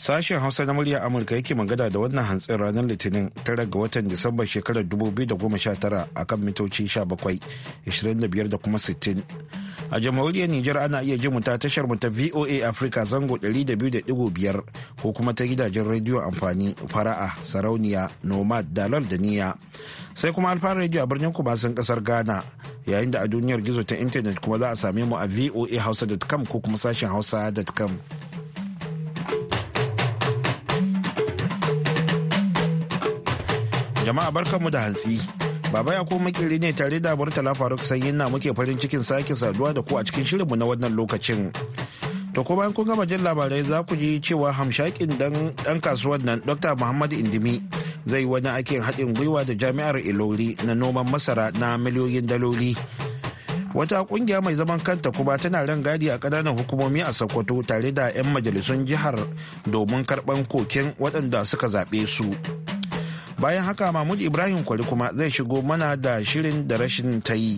Sashen Hausa na murya Amurka yake magana da wannan hantsin ranar Litinin tara ga watan Disamba shekarar 2019 a kan mitoci 17.25 da kuma 60. A jamhuriyar Nijar ana iya jin mu ta tashar mu ta VOA Africa zango 200.5 ko kuma ta gidajen rediyo amfani fara'a sarauniya nomad dalar da niya. Sai kuma alfa rediyo a birnin kumasin kasar Ghana yayin da a duniyar gizo ta intanet kuma za a same mu a voahausa.com ko kuma sashen hausa.com. Jama'a barkanmu da hantsi. Baba ya kuma makili ne tare da Murtala Faruk Sanyin na muke farin cikin sake saduwa da ku a cikin shirinmu na wannan lokacin. To ko bayan kun gama jin labarai za ku ji cewa hamshakin dan kasuwar nan Dr. Muhammad Indimi zai wani aikin haɗin gwiwa da jami'ar Ilori na noman masara na miliyoyin daloli. wata kungiya mai zaman kanta kuma tana ran gadi a kananan hukumomi a sokoto tare da 'yan majalisun jihar domin karɓan koken waɗanda suka zaɓe su bayan haka mahmud ibrahim kwari kuma zai shigo mana da shirin da rashin ta yi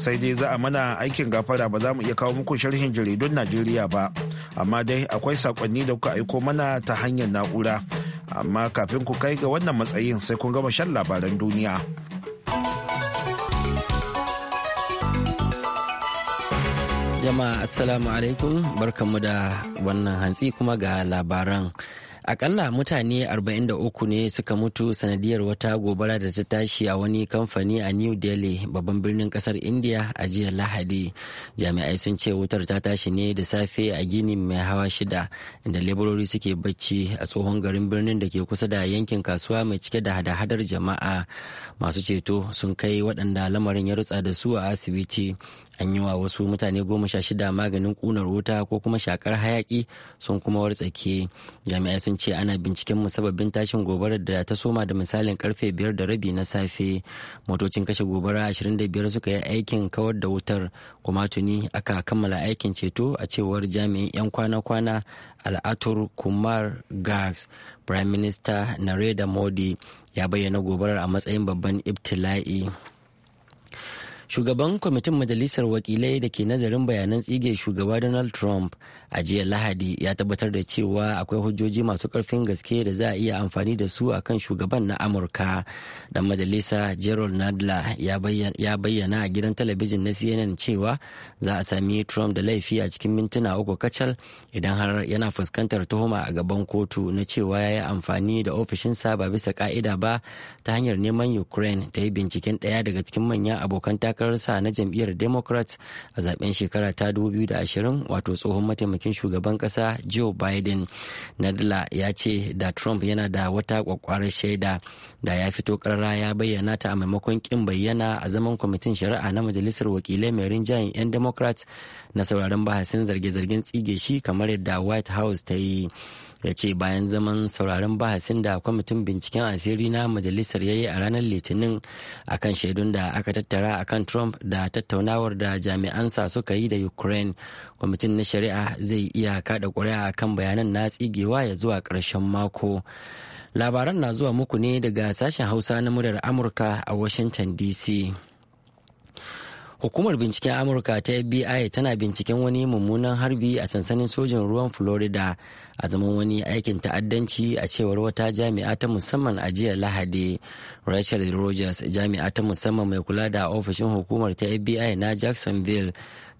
sai dai za a mana aikin gafara ba za mu iya kawo muku sharhin jaridun najeriya ba amma dai akwai sakonni da kuka aiko mana ta hanyar na'ura amma kafin ku kai ga wannan matsayin sai kun gama shan labaran duniya jama'a assalamu alaikum barkanmu da wannan hantsi kuma ga labaran akalla mutane 43 ne suka mutu sanadiyar wata gobara da ta tashi a wani kamfani a new delhi babban birnin kasar india a jiya lahadi jami'ai sun ce wutar ta tashi ne da safe a gini mai hawa shida inda leburori suke bacci a tsohon garin birnin da ke kusa da yankin kasuwa mai cike da hada-hadar jama'a masu ceto sun kai waɗanda lamarin ya rutsa da su a asibiti an yi wa wasu mutane goma sha shida maganin ƙunar wuta ko kuma shakar hayaƙi sun kuma wartsake jami'ai sun sun ce ana binciken musabbabin tashin gobarar da ta soma da misalin karfe biyar da rabi na safe motocin kashe gobara 25 suka yi aikin kawar da wutar kuma tuni aka kammala aikin ceto a cewar jami'in 'yan kwana-kwana al'atur kumar gags prime minister narendra modi ya bayyana gobarar a matsayin babban ibtila'i Shugaban kwamitin Majalisar Wakilai da ke nazarin bayanan tsige shugaba Donald Trump a jiya Lahadi ya tabbatar da cewa akwai hujjoji masu karfin gaske da za a iya amfani da su akan shugaban na Amurka. Dan majalisa Gerald Nadler ya bayyana a gidan talabijin na CNN cewa za a sami Trump da laifi a cikin mintuna uku kacal idan har yana fuskantar tuhuma a gaban kotu na cewa ya yi amfani da ofishinsa ba bisa ka'ida ba ta hanyar neman Ukraine ta yi binciken ɗaya daga cikin manyan abokan takar sa na jam'iyyar democrats a zaben shekara ta 2020 wato tsohon mataimakin shugaban kasa joe biden nadla ya ce da trump yana da wata kwakwarar shaida da ya fito karara ya bayyana ta a maimakon kin bayyana a zaman kwamitin shari'a na majalisar wakilai mai rinjayen 'yan democrats na sauraron bahasin zarge-zargen tsige shi kamar yadda white house ta yi ya ce bayan zaman sauraron bahasin da kwamitin binciken asiri na majalisar ya yi a ranar litinin a kan shaidun da aka tattara a kan trump da tattaunawar da jami'ansa suka yi da ukraine kwamitin na shari'a zai iya kada kuri'a kan bayanan na tsigewa ya zuwa ƙarshen mako labaran na zuwa muku ne daga sashen hausa na muryar amurka a washington dc Hukumar binciken Amurka ta FBI tana binciken wani mummunan harbi a sansanin sojin ruwan Florida a zaman wani aikin ta'addanci a cewar wata jami'a ta musamman a jiya Lahadi. Rachel Rogers jami'a ta musamman mai kula da ofishin hukumar ta FBI na Jacksonville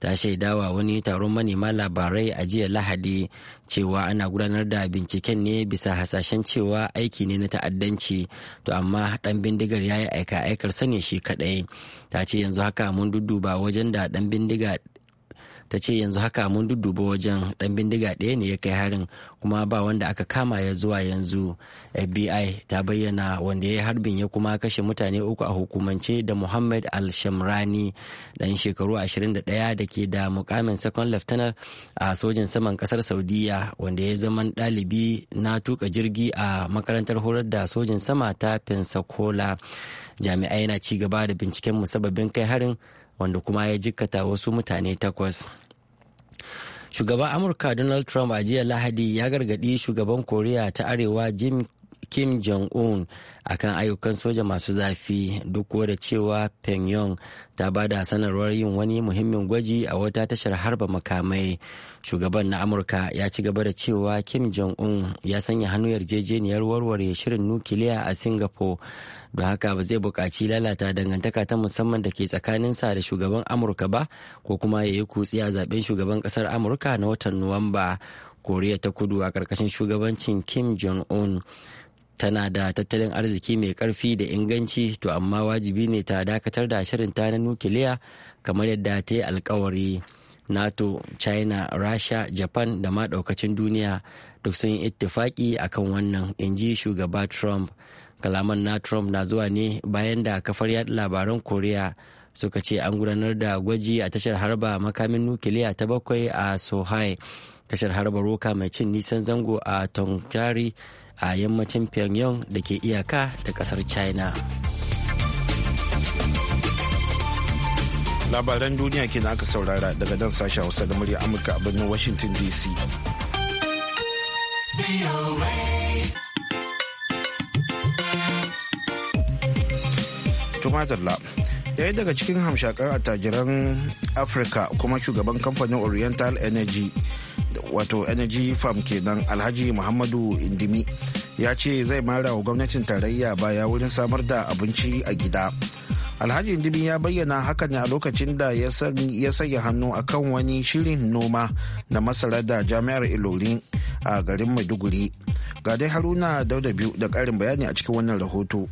ta shaidawa wani taron manema labarai a jiya lahadi cewa ana gudanar da binciken ne bisa hasashen cewa aiki ne na ta'addanci to amma dan bindigar ya yi aika aikar sane shi kadai ta ce yanzu haka mun dudduba wajen da dan bindiga ta ce yanzu haka mun dudduba wajen dan bindiga ɗaya ne ya kai harin kuma ba wanda aka kama ya zuwa yanzu fbi ta bayyana wanda ya yi harbin ya kuma kashe mutane uku a hukumance da muhammad al-shamrani dan shekaru 21 da ke da mukamin second lieutenant a sojin saman kasar saudiya wanda ya zaman ɗalibi na tuka jirgi a makarantar horar da sojin sama ta pensacola jami'ai yana ci gaba da binciken musababin kai harin wanda kuma ya jikkata wasu mutane takwas Shugaban Amurka Donald Trump a jiya Lahadi ya gargadi shugaban Koriya ta Arewa Jim kim jong-un kan ayyukan soja masu zafi duk da cewa pyongyang ta ba da sanarwar yin wani muhimmin gwaji a wata tashar harba makamai shugaban na amurka ya ci gaba da cewa kim jong-un ya sanya hannu yarjejeniyar warware shirin nukiliya a singapore don haka ba zai buƙaci lalata dangantaka ta musamman da ke tsakanin sa da shugaban amurka ba ko kuma ya yi kutsi a zaben shugaban ƙasar amurka na watan nuwamba koriya ta kudu a ƙarƙashin shugabancin kim jong-un tana da tattalin arziki mai karfi da inganci to amma wajibi ne ta dakatar da shirinta na nukiliya kamar yadda ta yi alkawari nato china rasha japan da ma daukacin duniya duk sun yi ittifaki akan wannan in ji shugaba trump kalaman na trump na zuwa ne bayan da kafar yada labaran korea suka ce an gudanar da gwaji a tashar harba makamin nukiliya ta bakwai a sohai tashar harba roka mai cin nisan zango a tongkari a yammacin pyongyang da ke iyaka da kasar china labaran duniya ke aka saurara daga nan sashen hausa da murya amurka a birnin washington dc lab daya daga cikin hamshakan attajiran afirka kuma shugaban kamfanin oriental energy wato energy farm kenan alhaji muhammadu indimi ya ce zai mara wa gwamnatin tarayya baya wurin samar da abinci a gida alhaji indimi ya bayyana haka ne a lokacin da ya sanya hannu a kan wani shirin noma na masara da jami'ar ilori a garin maiduguri ga dai haruna dauda biyu da karin bayani a cikin wannan rahoto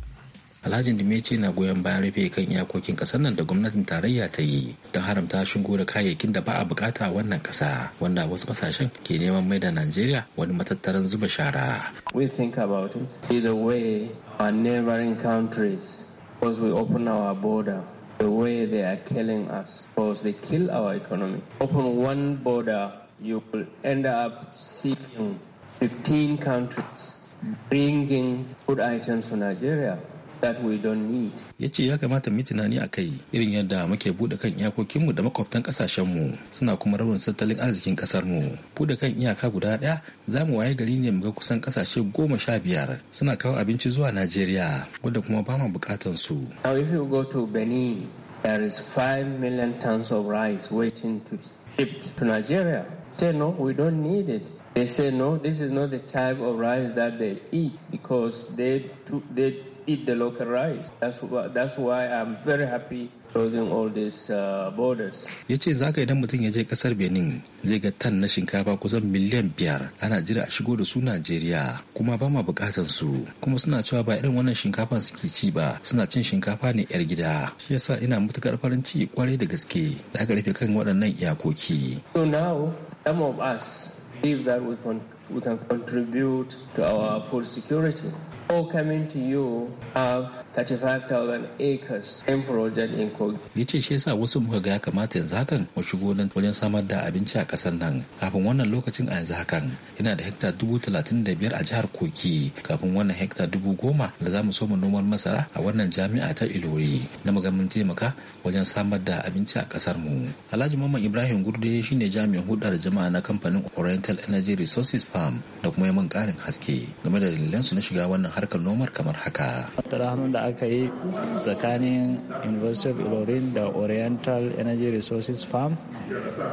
Alhaji Dimece na goyon bayan rufe kan iyakokin ƙasar nan da gwamnatin tarayya ta yi don haramta shigo da kayayyakin da ba a bukata a wannan ƙasa wanda wasu kasashen ke neman mai da Najeriya wani matattaran zuba shara. We think about it either way our neighboring countries once we open our border the way they are killing us because they kill our economy. Open one border you will end up seeing 15 countries bringing food items to Nigeria. that Ya ce ya kamata mu tunani a kai irin yadda muke buɗe kan iyakokinmu da makwabtan ƙasashenmu suna kuma raunin tattalin arzikin ƙasarmu. Buɗe kan iyaka guda ɗaya za mu waye gari ne mu ga kusan ƙasashe goma sha biyar suna kawo abinci zuwa Najeriya wanda kuma ba mu buƙatan su. Now if you go to Benin there is million tons of rice waiting to shipped to Nigeria. say no, we don't need it. They say no, this is not the type of rice that they eat because they they eat the local rice. That's, that's why I'm very happy closing all these uh, borders. Ya ce za ka idan mutum ya je kasar Benin zai ga tan na shinkafa kusan miliyan biyar ana jira a shigo da su Najeriya kuma ba ma bukatan su kuma suna cewa ba irin wannan shinkafa suke ci ba suna cin shinkafa ne yar gida shi yasa ina matukar farin ciki kwarai da gaske da aka rufe kan waɗannan iyakoki. So now some of us believe that we can, we can contribute to our food security. all coming to you have 35,000 acres in project in Kogi. Ya ce shi yasa wasu muka ga kamata yanzu hakan mu shigo nan wajen samar da abinci a kasar nan. Kafin wannan lokacin a yanzu hakan yana da hekta dubu talatin da biyar a jihar Kogi kafin wannan hekta dubu goma da za mu so mu noman masara a wannan jami'a ta Ilori na magamin taimaka wajen samar da abinci a kasar mu. Alhaji Mamman Ibrahim Gurde shine jami'in hudar jama'a na kamfanin Oriental Energy Resources Farm da kuma yamin ƙarin haske game da su na shiga wannan harkar nomar kamar haka. Tarahun da aka yi tsakanin University of Ilorin da Oriental Energy Resources Farm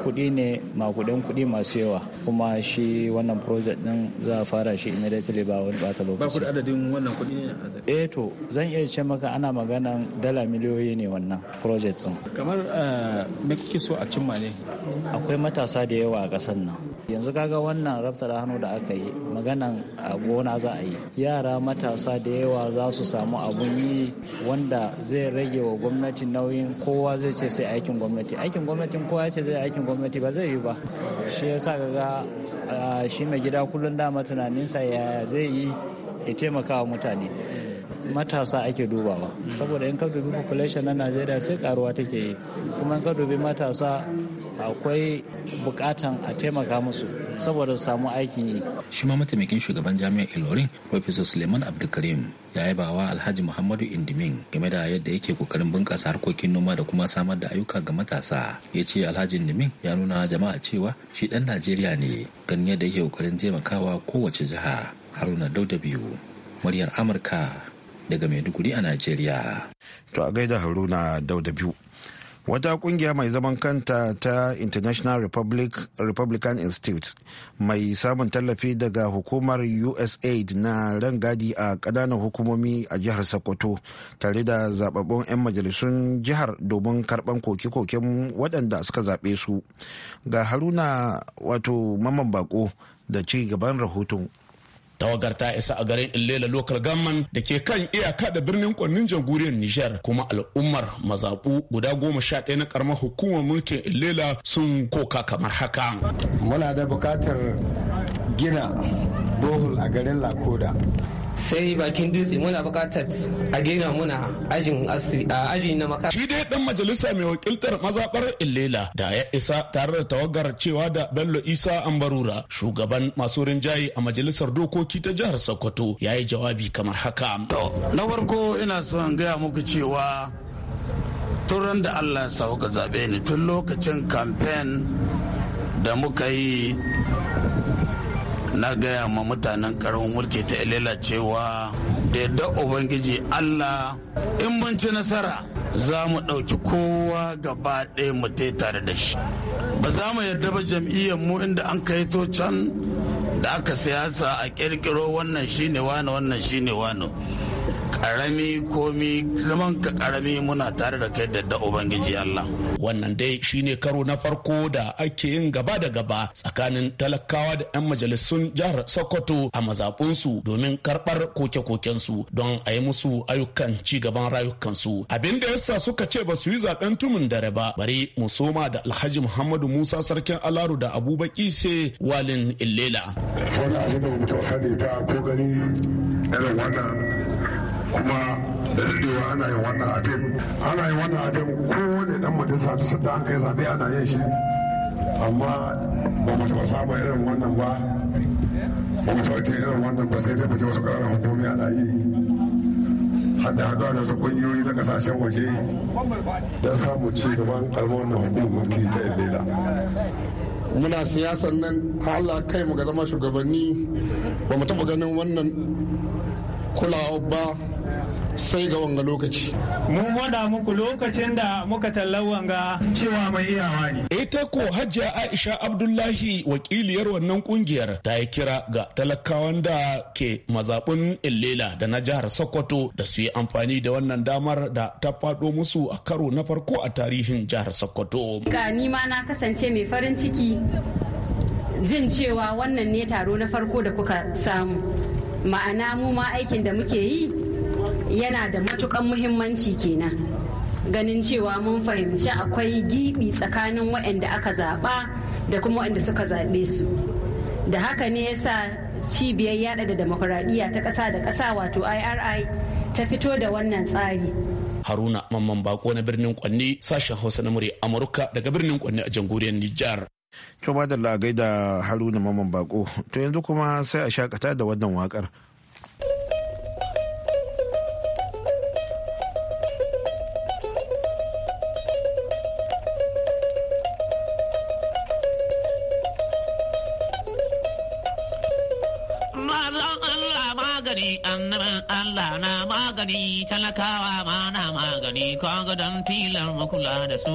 kuɗi ne makudan kuɗi masu yawa kuma shi wannan project din za a fara shi immediately ba wani bata lokaci. Ba kudi adadin wannan kudi ne? Eh to zan iya ce maka ana maganan dala miliyoyi ne wannan project din. Kamar eh, me kuke so a cimma ne? Akwai matasa da yawa a ƙasar nan. Yanzu kaga wannan rabta da hannu da aka yi maganan a gona za a yi. Yara matasa da yawa za su samu abun yi wanda zai rage wa gwamnati nauyin kowa zai ce sai aikin gwamnati aikin gwamnatin kowa ce zai aikin gwamnati ba zai yi ba shi ya sa ga ah, shi mai gida kullum dama tunaninsa ya zai yi ya taimaka wa mutane matasa ake dubawa saboda in ka dubi population na najeriya sai karuwa take yi kuma in ka dubi matasa akwai bukatan a taimaka musu saboda su samu aikin yi shi ma mataimakin shugaban jami'ar ilorin professor suleiman abdulkarim ya yaba wa alhaji muhammadu indimin game da yadda yake kokarin bunkasa harkokin noma da kuma samar da ayyuka ga matasa ya ce alhaji indimin ya nuna jama'a cewa shi dan najeriya ne ganin yadda yake kokarin taimakawa kowace jiha haruna dauda biyu muryar amurka daga Maiduguri a Najeriya. To a gaida Haruna Dauda biyu. Wata kungiya mai zaman kanta ta International Republic, Republican Institute mai samun tallafi daga hukumar USAID na rangadi a ƙananan hukumomi a jihar Sokoto tare da zababbun 'yan majalisun jihar domin karɓan koke-koken waɗanda suka zaɓe su. Ga Haruna wato Maman Bako da ci gaban rahoton. tawagar ta isa a garin illela local gamman da ke kan iyaka da birnin kwannin jamhuriyar nijar kuma al'ummar mazaɓu guda goma sha ɗaya na karamar hukumar mulkin illela sun koka kamar haka muna da bukatar gina bohol a garin lakoda sai bakin dutse muna bukatar a gina muna ajin aji na makar. Shi dai dan majalisa mai wakiltar mazaɓar Illela da ya isa tare da tawagar cewa da Bello Isa Ambarura shugaban masu rinjaye a majalisar dokoki ta jihar Sokoto ya yi jawabi kamar haka. na farko ina son gaya muku cewa turan da Allah ya sauka zaɓe ni tun lokacin kamfen da muka yi na gaya ma mutanen karamin mulki ta ilela cewa da yadda ubangiji allah in mun ci nasara za mu ɗauki kowa gaba ɗaya mu tare da shi ba za mu yarda ba jam'iyyar mu inda an kai to can da aka siyasa a kirkiro wannan shine wani wannan shine wani karami komi zaman ka karami muna tare da kai da ubangiji Allah. Wannan dai shine karo na farko da ake yin gaba da gaba tsakanin talakawa da 'yan majalisun jihar Sokoto a mazaɓunsu domin karɓar koke koken su don a yi musu ayyukan ci gaban rayukansu. Abin da yasa suka ce ba su yi zaɓen tumin dare ba bari mu soma da Alhaji Muhammadu Musa Sarkin Alaru da Abubakar Ise Walin Illela. Wani abin da ba ko gani irin wannan kuma da daɗewa ana yin wannan abin ana yin wannan abin kowane dan majalisa duk sanda an kai zaɓe ana yin shi amma ba mu taɓa samun irin wannan ba ba mu taɓa irin wannan ba sai dai mu wasu ƙananan hukumomi ana yi hada haɗuwa da wasu ƙungiyoyi na ƙasashen waje don samun ci gaban ƙarfin wannan hukumar mulki ta illela muna siyasar nan Allah kai mu ga zama shugabanni ba mu taɓa ganin wannan kulawa ba sai ga wanga lokaci. Mun wada muku lokacin da muka tallar wanga cewa mai iyawa ne. Ita ko Hajiya Aisha Abdullahi wakiliyar wannan kungiyar ta yi kira ga talakawan da ke mazaɓin Illela da na jihar Sokoto da su yi amfani da wannan damar da ta faɗo musu a karo na farko a tarihin jihar Sokoto. Ga ni na kasance mai farin ciki jin cewa wannan ne taro na farko da kuka samu. Ma'ana mu ma aikin da muke yi yana da matukan muhimmanci kenan ganin cewa mun fahimci akwai gibi tsakanin waɗanda aka zaɓa da kuma waɗanda suka zaɓe su da haka ne ya sa cibiyar yada da demokuraɗiyya ta ƙasa da ƙasa wato iri ta fito da wannan tsari haruna mamman bako na birnin kwanne sashen hausa na murya amurka daga birnin kwanne a jamhuriyar nijar to da lagai da haruna mamman bako to yanzu kuma sai a shakata da wannan wakar. magani talakawa ma magani kaga don tilar makula da su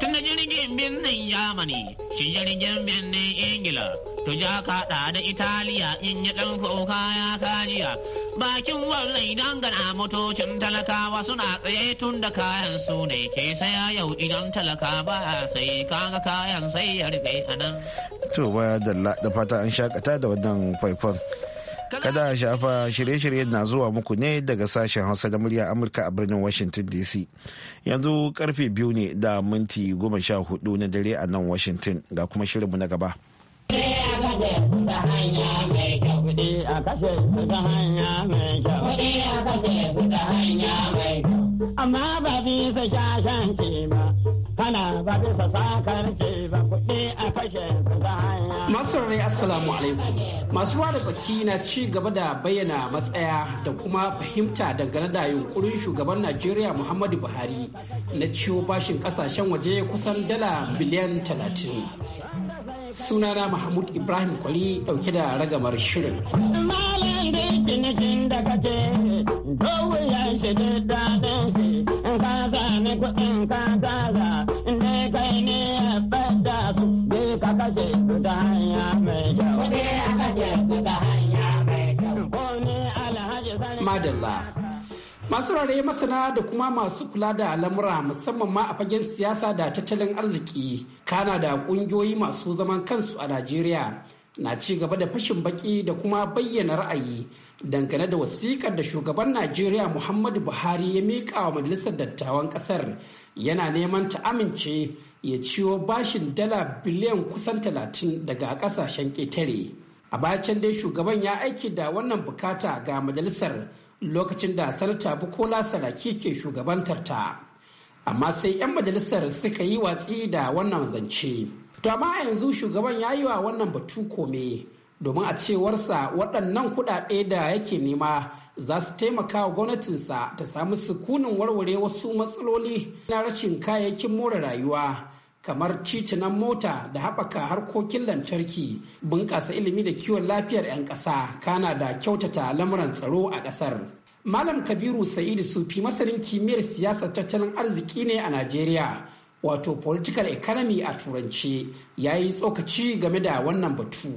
tun da jirgin birnin yamani shi jirgin birnin ingila to ja kaɗa da italiya in yi ɗan kuka ya kajiya bakin wallai dangana gana motocin talakawa suna tsaye tun da kayan su ne ke saya yau idan talaka ba sai kaga kayan sai ya rufe a to baya da fata an shakata da wannan faifan Kada a shafa shirye-shiryen na zuwa muku ne daga sashen Hausa da murya Amurka a birnin Washington DC. Yanzu karfe biyu ne da minti goma sha hudu na dare a nan Washington ga kuma shirinmu na gaba. Amma ba bisa shashanci ba. kana ba bisa ba kuɗi a su ta Masu rarrai Assalamu alaikum. Masu ruwa da tsaki na ci gaba da bayyana matsaya da kuma fahimta dangane da yunkurin shugaban Najeriya Muhammadu Buhari na ciwo bashin kasashen waje kusan dala biliyan talatin. Sunana Mahmud Ibrahim Kwali dauke da ragamar shirin. Malam da daga ce, ka sami kuɗin ka gaza inda kai ne ya fada su je ka kashe su ta hanya mai kyau. Kuɗi a kashe su ta hanya mai kyau. ne alhaji sani. Madalla. Masu rare masana da kuma masu kula da al'amura musamman ma a fagen siyasa da tattalin arziki kana da ƙungiyoyi masu zaman kansu a Najeriya na ci gaba da fashin baki da kuma bayyana ra'ayi dangane da wasiƙar da shugaban najeriya muhammadu buhari ya miƙa wa majalisar dattawan ƙasar yana neman ta amince ya ciwo bashin dala biliyan kusan talatin daga ƙasashen ƙetare a bacin dai shugaban ya aiki da wannan bukata ga majalisar lokacin da sanata bukola saraki ke shugabantar ta amma sai 'yan majalisar suka yi watsi da wannan zance. To amma yanzu shugaban ya yi wa wannan batu kome domin a cewarsa waɗannan kuɗaɗe da yake nema za su taimaka wa gwamnatinsa ta samu sukunin warware wasu matsaloli na rashin kayayyakin more rayuwa kamar titunan mota da haɓaka harkokin lantarki bunƙasa ilimi da kiwon lafiyar 'yan ƙasa kana da kyautata lamuran tsaro a ƙasar. Malam Kabiru Sa'idu Sufi masanin kimiyyar siyasar tattalin arziki ne a Najeriya. wato political economy a turance ya yi tsokaci game da wannan batu.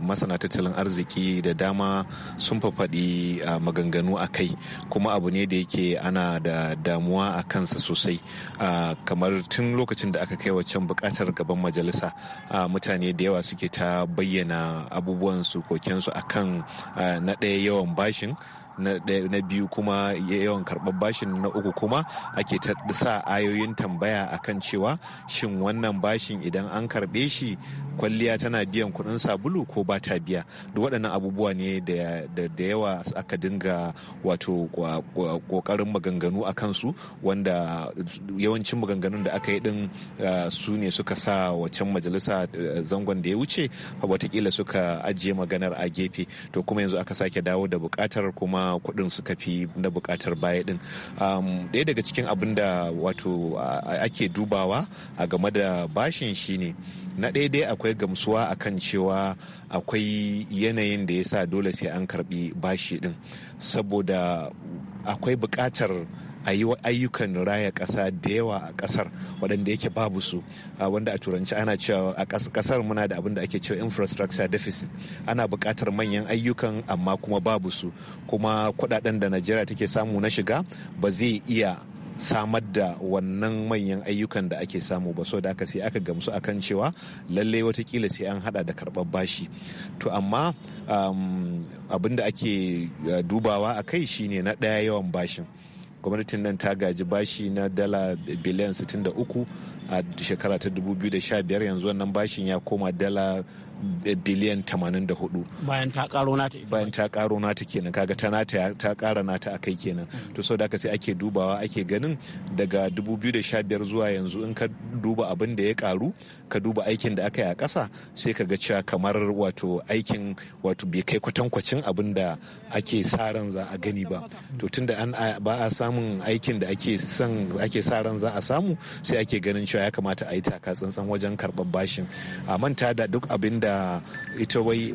masana tattalin arziki da dama sun fafaɗi a ah, maganganu a kai kuma abu ne da yake ana da damuwa a kansa sosai ah, kamar tun lokacin da aka kai waccan bukatar gaban majalisa ah, mutane da yawa suke ta bayyana abubuwan su kokensu akan na ɗaya yawan bashin na biyu kuma yawan karɓar bashin na uku kuma ake ta sa ayoyin tambaya akan cewa shin wannan bashin idan an karɓe shi kwalliya tana biyan kuɗin sabulu ko ba ta biya duk waɗannan abubuwa ne da yawa aka dinga wato ƙoƙarin maganganu a kansu wanda yawancin maganganun da aka yi ɗin su ne suka sa wacan majalisa zangon da ya wuce watakila suka ajiye maganar a gefe to kuma yanzu aka sake dawo da buƙatar kuma kudin kuɗin suka fi na bukatar baya ɗin ɗaya daga cikin abin da wato ake dubawa a game da bashin shi ne na ɗaya dai akwai gamsuwa akan cewa akwai yanayin da ya sa dole sai an karɓi bashi ɗin saboda akwai bukatar a yi ayyukan raya ƙasa da yawa a ƙasar waɗanda yake babu su wanda a turanci ana cewa a ƙasar muna da abin da ake cewa infrastructure deficit ana buƙatar manyan ayyukan amma kuma babu su kuma kuɗaɗen da najeriya take samu na shiga ba zai iya samar da wannan manyan ayyukan da ake samu ba so da aka sai aka gamsu a kan cewa lallai watakila sai an hada da karbar bashi to amma um, abin da ake uh, dubawa a kai shine na ɗaya yawan bashin gwamnatin nan ta gaji bashi na dala biliyan 63 a shekara ta 2015 yanzu wannan bashin ya koma dala biliyan 84 bayan ta karo nata bayan ta karo nata kenan kaga ta nata ta kara nata akai kenan mm. to sau da sai ake dubawa ake ganin daga 2015 zuwa yanzu in ka duba abin da ya karu ka duba aikin da aka yi a ƙasa sai ka ga cewa kamar wato aikin wato bai kai kwatankwacin abin da ake sa ran za a gani ba to tunda an ba a samun aikin da ake son ake sa ran za a samu sai ake ganin cewa ya kamata a yi taka tsantsan wajen karɓar bashin a manta da duk abin da da ita wai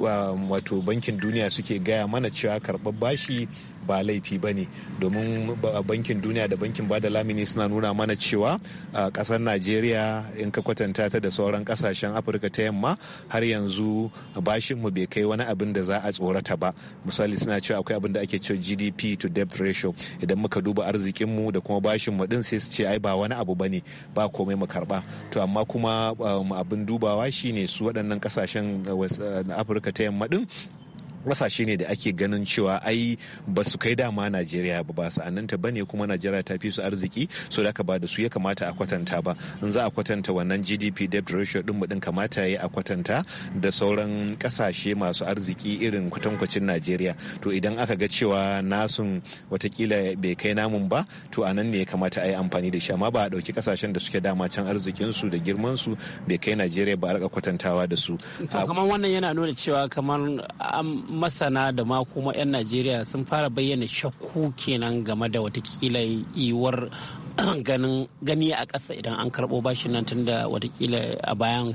wato bankin duniya suke gaya mana cewa karɓar bashi ba laifi ba ne domin bankin duniya da bankin bada lamini suna nuna mana cewa a kasar najeriya in ka kwatanta ta da sauran kasashen afirka ta yamma har yanzu bashinmu bai kai wani abin da za a tsorata ba misali suna cewa akwai abin da ake cewa gdp to debt ratio idan muka duba arzikinmu da kuma bashinmu din sai su ce ai ba wani abu ba ne ba komai mu karba to amma kuma um, abin dubawa shine su waɗannan kasashen uh, uh, afirka ta yamma din ƙasashe ne da ake ganin cewa ai ba su kai dama najeriya ba ba annanta ba ne kuma najeriya ta fi su arziki so da ka ba da su ya kamata a kwatanta ba in za a kwatanta wannan gdp debt ratio din mu din kamata ya a kwatanta da sauran kasashe masu arziki irin kwatankwacin najeriya to idan aka ga cewa nasun watakila bai kai namun ba to anan ne ya kamata a yi amfani da shi amma ba a ɗauki ƙasashen da suke dama can arzikinsu da girmansu bai kai najeriya ba a rika kwatantawa da su. kamar wannan yana nuna cewa kamar masana da ma kuma 'yan najeriya sun fara bayyana shakku kenan game da watakila yiwuwar ganin gani a ƙasa idan an karɓo bashin nan tunda watakila a bayan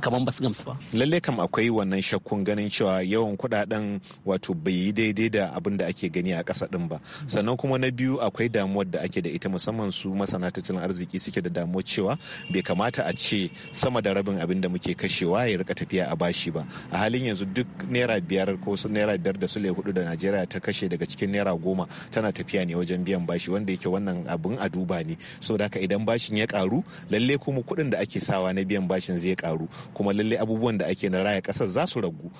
kaman basu gamsu ba. Lalle kam akwai wannan shakkun ganin cewa yawan kuɗaɗen wato bai yi daidai da abin da ake gani a ƙasa ɗin ba. Sannan kuma na biyu akwai damuwar da ake da ita musamman su masana tattalin arziki suke da damuwar cewa bai kamata a ce sama da rabin abin da muke kashewa ya rika tafiya a bashi ba. A halin yanzu duk naira biyar ko naira biyar da sule hudu da Najeriya ta kashe daga cikin naira goma tana tafiya ne wajen biyan bashi wanda yake wannan abin a duba riba ne saboda haka idan bashin ya karu lalle kuma kuɗin da ake sawa na biyan bashin zai karu kuma lalle abubuwan da ake na raya ƙasar za su ragu.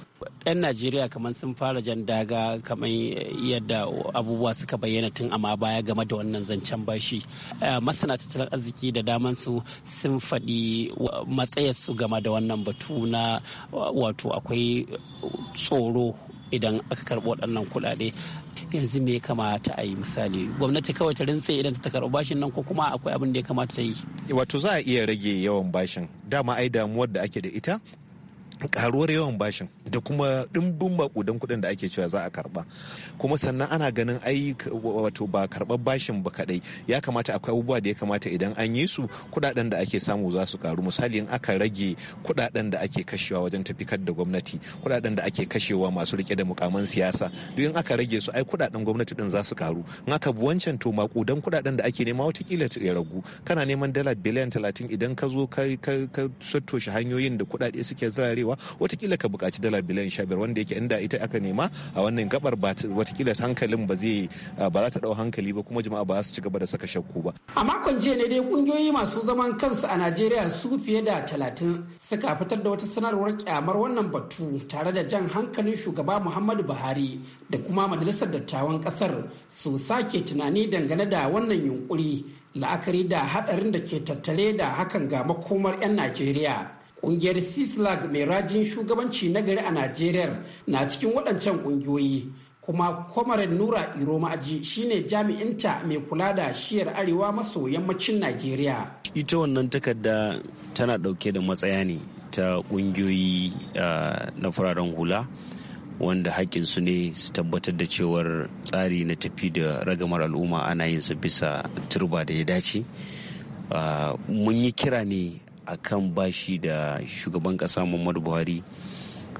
'Yan Najeriya kamar sun fara jan daga kamar yadda abubuwa suka bayyana tun amma baya game da wannan zancen bashi. Eh, masana tattalin arziki da daman su sun faɗi matsayarsu game da wannan batu na wato akwai tsoro idan aka karɓo waɗannan kuɗaɗe yanzu me ya kamata a yi misali gwamnati kawai ta rintse idan ta karɓi bashin nan ko kuma akwai abin da ya kamata ta yi wato za a iya rage yawan bashin dama ai damuwar da ake da ita karuwar yawan bashin da kuma dimbin makudan kuɗin da ake cewa za a karba kuma sannan ana ganin ai wato ba karɓar bashin ba kadai ya kamata akwai abubuwa da ya kamata idan an yi su kuɗaɗen da ake samu za su karu misali in aka rage kuɗaɗen da ake kashewa wajen tafikar da gwamnati kuɗaɗen da ake kashewa masu rike da mukaman siyasa duk in aka rage su ai kuɗaɗen gwamnati din za su karu in aka bi wancan to makudan kuɗaɗen da ake nema watakila ya ragu kana neman dala biliyan talatin idan ka zo ka shi hanyoyin da kuɗaɗe suke zirarewa ba watakila ka buƙaci dala biliyan sha biyar wanda yake inda ita aka nema a wannan gabar watakila hankalin ba zai ba za ta ɗau hankali ba kuma jama'a ba za su ci gaba da saka shakku ba. A makon jiya ne dai kungiyoyi masu zaman kansu a Najeriya su fiye da talatin suka fitar da wata sanarwar kyamar wannan batu tare da jan hankalin shugaba Muhammadu Buhari da kuma majalisar dattawan kasar su sake tunani dangane da wannan yunkuri la'akari da hadarin da ke tattare da hakan ga makomar 'yan Najeriya. kungiyar sislag mai rajin shugabanci na gari a Najeriya na cikin waɗancan ƙungiyoyi. Kuma kwamarin Nura Iro Ma'aji shine jami'inta mai kula da shiyar arewa maso yammacin Najeriya. Ita wannan takarda tana ɗauke da matsaya ne ta ƙungiyoyi na fararen hula. wanda su ne su tabbatar da cewar tsari na tafi da ragamar al'umma ana yin sa bisa turba da ya dace mun yi kira ne a kan bashi da shugaban kasa muhammadu buhari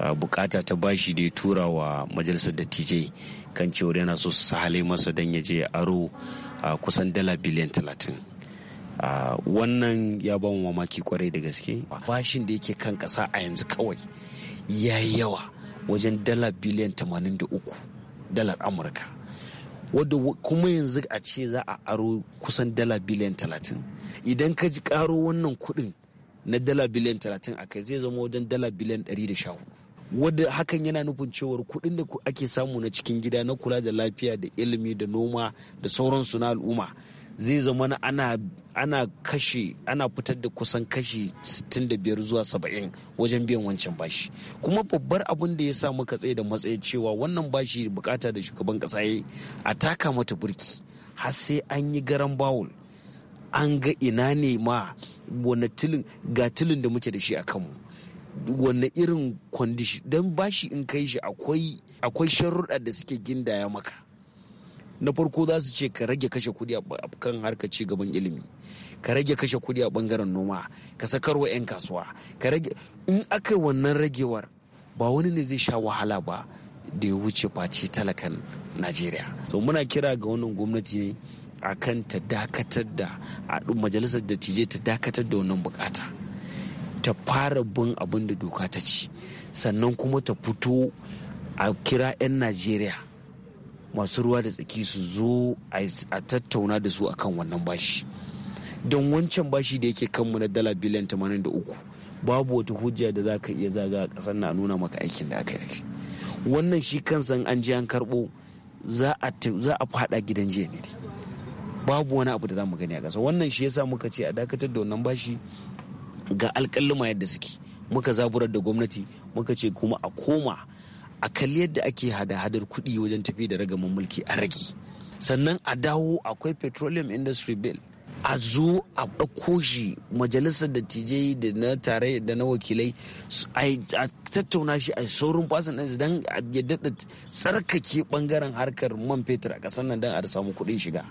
ah, bukata ta bashi da ya tura wa majalisar dattijai kan cewa yana so su hale masa don ya je aro ah, kusan dala biliyan talatin ah, wannan ya ba mu mamaki kwarai da gaske bashin da yake kan kasa a yanzu kawai ya yi yawa wajen dala biliyan uku dalar amurka wadda kuma yanzu a ce za a aro kusan dala biliyan talatin idan ka ji karo wannan kuɗin. na dala biliyan 30 a kai zai zama wajen dala biliyan 114 wadda hakan yana nufin cewar kuɗin da ake samu na cikin gida na kula da lafiya da ilimi da noma da sauransu na al'umma zai zama na ana kashe ana fitar da kusan kashi 65 zuwa 70 wajen biyan wancan bashi kuma babbar abin da ya sa muka tsaye da matsayin cewa wannan bashi bukata da shugaban kasa a taka mata burki har sai an yi garan bawul an ga ina ne ma wane tilin ga tilin da muke da shi a kanmu wanne irin kwandishi don ba shi in kai shi akwai sharuɗa da suke gindaya maka na farko za su ce ka rage kashe kudi a kan harkar ci gaban ilimi ka rage kashe kudi a bangaren noma ka sakarwa 'yan kasuwa ka rage in aka wannan ragewar ba wani ne zai sha wahala ba da ya wuce face talakan najeriya to muna kira ga wannan gwamnati ne akan ta dakatar da a majalisar da ta dakatar da wannan bukata ta fara bin abin da doka ta ci sannan kuma ta fito a kira 'yan najeriya masu ruwa da tsaki su zo a tattauna da su akan wannan bashi don wancan bashi da yake kanmu na dala biliyan 83 babu wata hujja da za ka iya zaga a ƙasar na nuna maka aikin da aka yi wannan shi kan san an ji an karɓo za a fada gidan jiya ne babu wani abu da za mu gani a ƙasa wannan shi yasa muka ce a dakatar da wannan bashi ga alƙalluma yadda suke muka zaburar da gwamnati muka ce kuma a koma a kalli yadda ake hada-hadar kuɗi wajen tafi da ragaman mulki a rage sannan a dawo akwai petroleum industry bill a zo a ɗauko shi majalisar dattijai da na tare da na wakilai a tattauna shi a saurin fasin ɗansu don yadda daɗa tsarkake ɓangaren harkar man fetur a ƙasar nan don a samu kuɗin shiga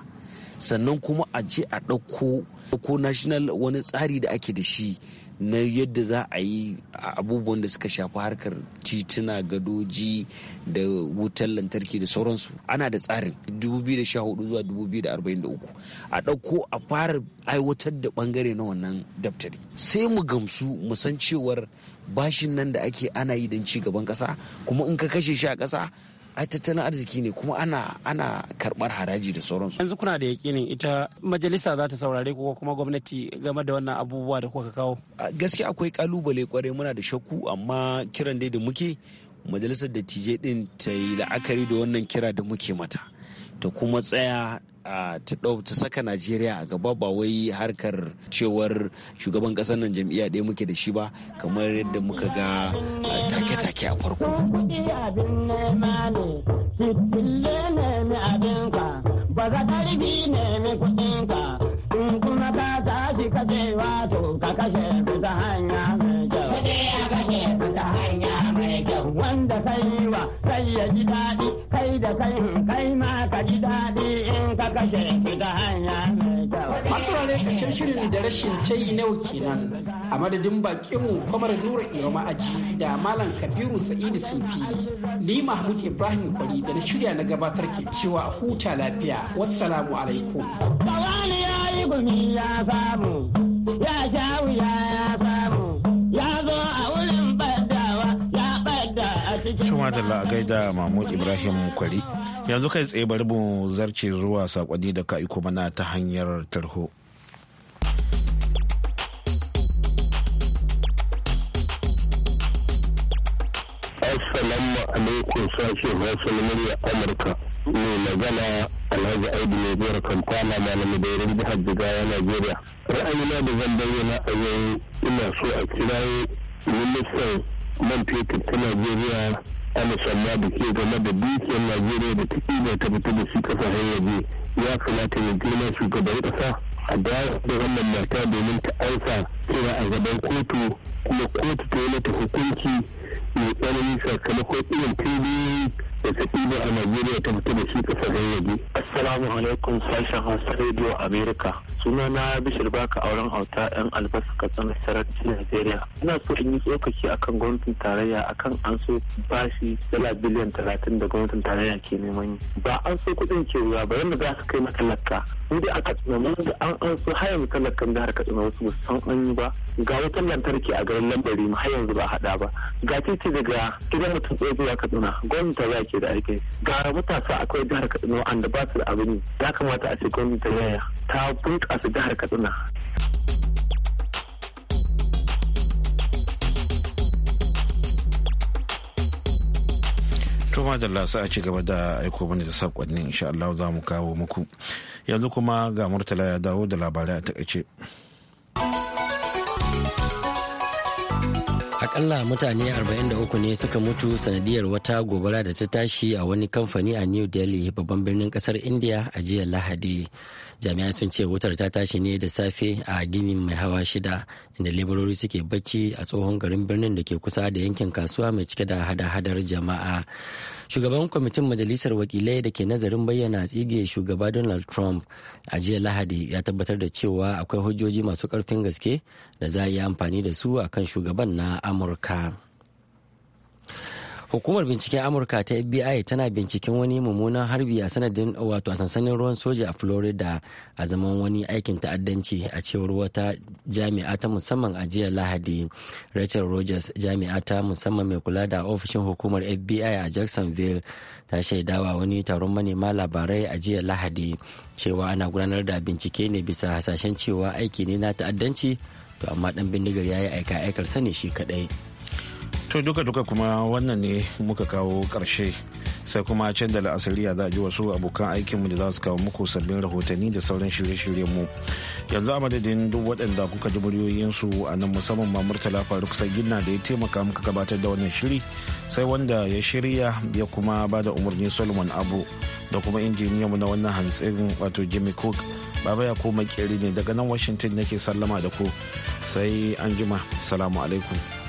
sannan kuma a je a ɗauko ko national wani tsari da ake da shi na yadda za a yi abubuwan da suka shafi harkar tituna gadoji da wutar lantarki da sauransu ana da tsarin 2014 zuwa 2043 a ɗauko a fara aiwatar da ɓangare na wannan daftari sai mu gamsu mu san cewar bashin nan da ake ana yi don ci gaban ƙasa kuma in ka kashe shi a ƙasa ai tattalin arziki ne kuma ana ana karbar haraji da sauransu yanzu kuna da yakinin ita majalisa za ta saurare ko kuma gwamnati game da wannan abubuwa da kuka kawo gaskiya akwai kalubale kwarai muna da shakku amma kiran dai da muke majalisar dattijai din ta yi la'akari da wannan kira da muke mata ta kuma tsaya Uh, ta saka najeriya a gaba ba wai harkar cewar shugaban kasar nan jam'iyya ɗaya muke da shi ba kamar yadda muka ga take-take a farko kuma ka tashi ka wato ka kashe ta hanya mai kyau. Kuɗi ka kashe ta hanya mai kyau. wanda kai wa sai ya ji daɗi kai da kai kai ma ka ji daɗi in ka kashe shi ta hanya mai kyau. Masu rane kashin shirin da rashin tayi nawa kenan a madadin bakinmu kwamar nura iroma aji da malam kabiru sa'idu sufi ni mahmud ibrahim kwari da na shirya na gabatar ke cewa huta lafiya wassalamu alaikum. Kawani ya yi gumi ya samu ya sha wuya ya Tuma da la'agai da Mahmud Ibrahim Kwari. Yanzu kai tsaye bari mu zarce zuwa sakonni da ka iko mana ta hanyar tarho. Amurka. Mai magana Alhaji aidu mai biyar Kampala malami da yarin jihar Jigawa Najeriya. Ra'ayina da zan bayyana a yau ina so a kira ministan man fetur ta najeriya a sanna da ke game da dukiyar najeriya da ta ƙila ta fita da shi kasashen waje ya kamata ya girma shugaban ƙasa a dawo da wannan mata domin ta ansa kira a gaban kotu kuma kotu ta yi mata hukunci mai tsanani sakamakon irin fili da katiba a Najeriya ta fito da shi kasar yanzu. Assalamu alaikum sashen Hausa Radio America. Suna na Bishir Baka auren hauta yan albasa katsan sarrafi Najeriya. Ina so in yi tsokaci akan gwamnatin tarayya akan an so bashi dala biliyan talatin da gwamnatin tarayya ke neman yi. Ba an so kuɗin ke ruwa ba yadda za su kai matalaka. Ni dai aka tsina da an an so haya matalakan da harka tsina wasu san an yi ba. Ga wutar lantarki a garin lambari ma har yanzu ba haɗa ba. Ga titi daga gidan mutum ɗaya zuwa Kaduna gwamnati za ke da aiki. Ga matasa akwai jihar Kaduna wanda ba su da abin ya kamata a ce gwamnati yaya ta bunƙasa jihar Kaduna. to madalla sai a ci gaba da aiko mana da sakonni insha Allah za mu kawo muku yanzu kuma ga murtala ya dawo da labarai a takaice. akalla mutane 43 ne suka mutu sanadiyar wata gobara da ta tashi a wani kamfani a new delhi babban birnin kasar india a jiya lahadi jami'ai sun ce wutar ta tashi ne da safe a gini mai hawa shida inda laborori suke bacci a tsohon garin birnin da ke kusa da yankin kasuwa mai cike da hada-hadar jama'a shugaban kwamitin majalisar wakilai da ke nazarin bayyana tsige shugaba donald trump a jiya lahadi ya tabbatar da cewa akwai hujjoji masu karfin gaske da za a yi amfani da su akan shugaban na amurka amurka hukumar binciken amurka ta fbi tana binciken wani mummunan harbi a sanadin wato a sansanin ruwan soja a florida a zaman wani aikin ta'addanci a cewar wata jami'a ta musamman a jiya lahadi rachel rogers jami'a ta musamman mai kula da ofishin hukumar fbi a jacksonville ta shaidawa wani taron manema labarai a jiya lahadi cewa ana gudanar da bincike ne bisa hasashen cewa aiki ne na ta'addanci to amma dan bindigar ya yi aika aikar sani shi kadai to duka duka kuma wannan ne muka kawo karshe sai kuma can da la'asariya za a ji wasu abokan aikinmu da za su kawo muku sabbin rahotanni da sauran shirye-shiryen mu yanzu a madadin duk waɗanda kuka ji muryoyinsu a nan musamman ma murtala faruk gina da ya taimaka muka gabatar da wannan shiri sai wanda ya shirya ya kuma ba da umarni solomon abu da kuma injiniyanmu na wannan hantsin wato jimmy cook baba ya koma ne daga nan washington nake sallama da ku sai an jima salamu alaikum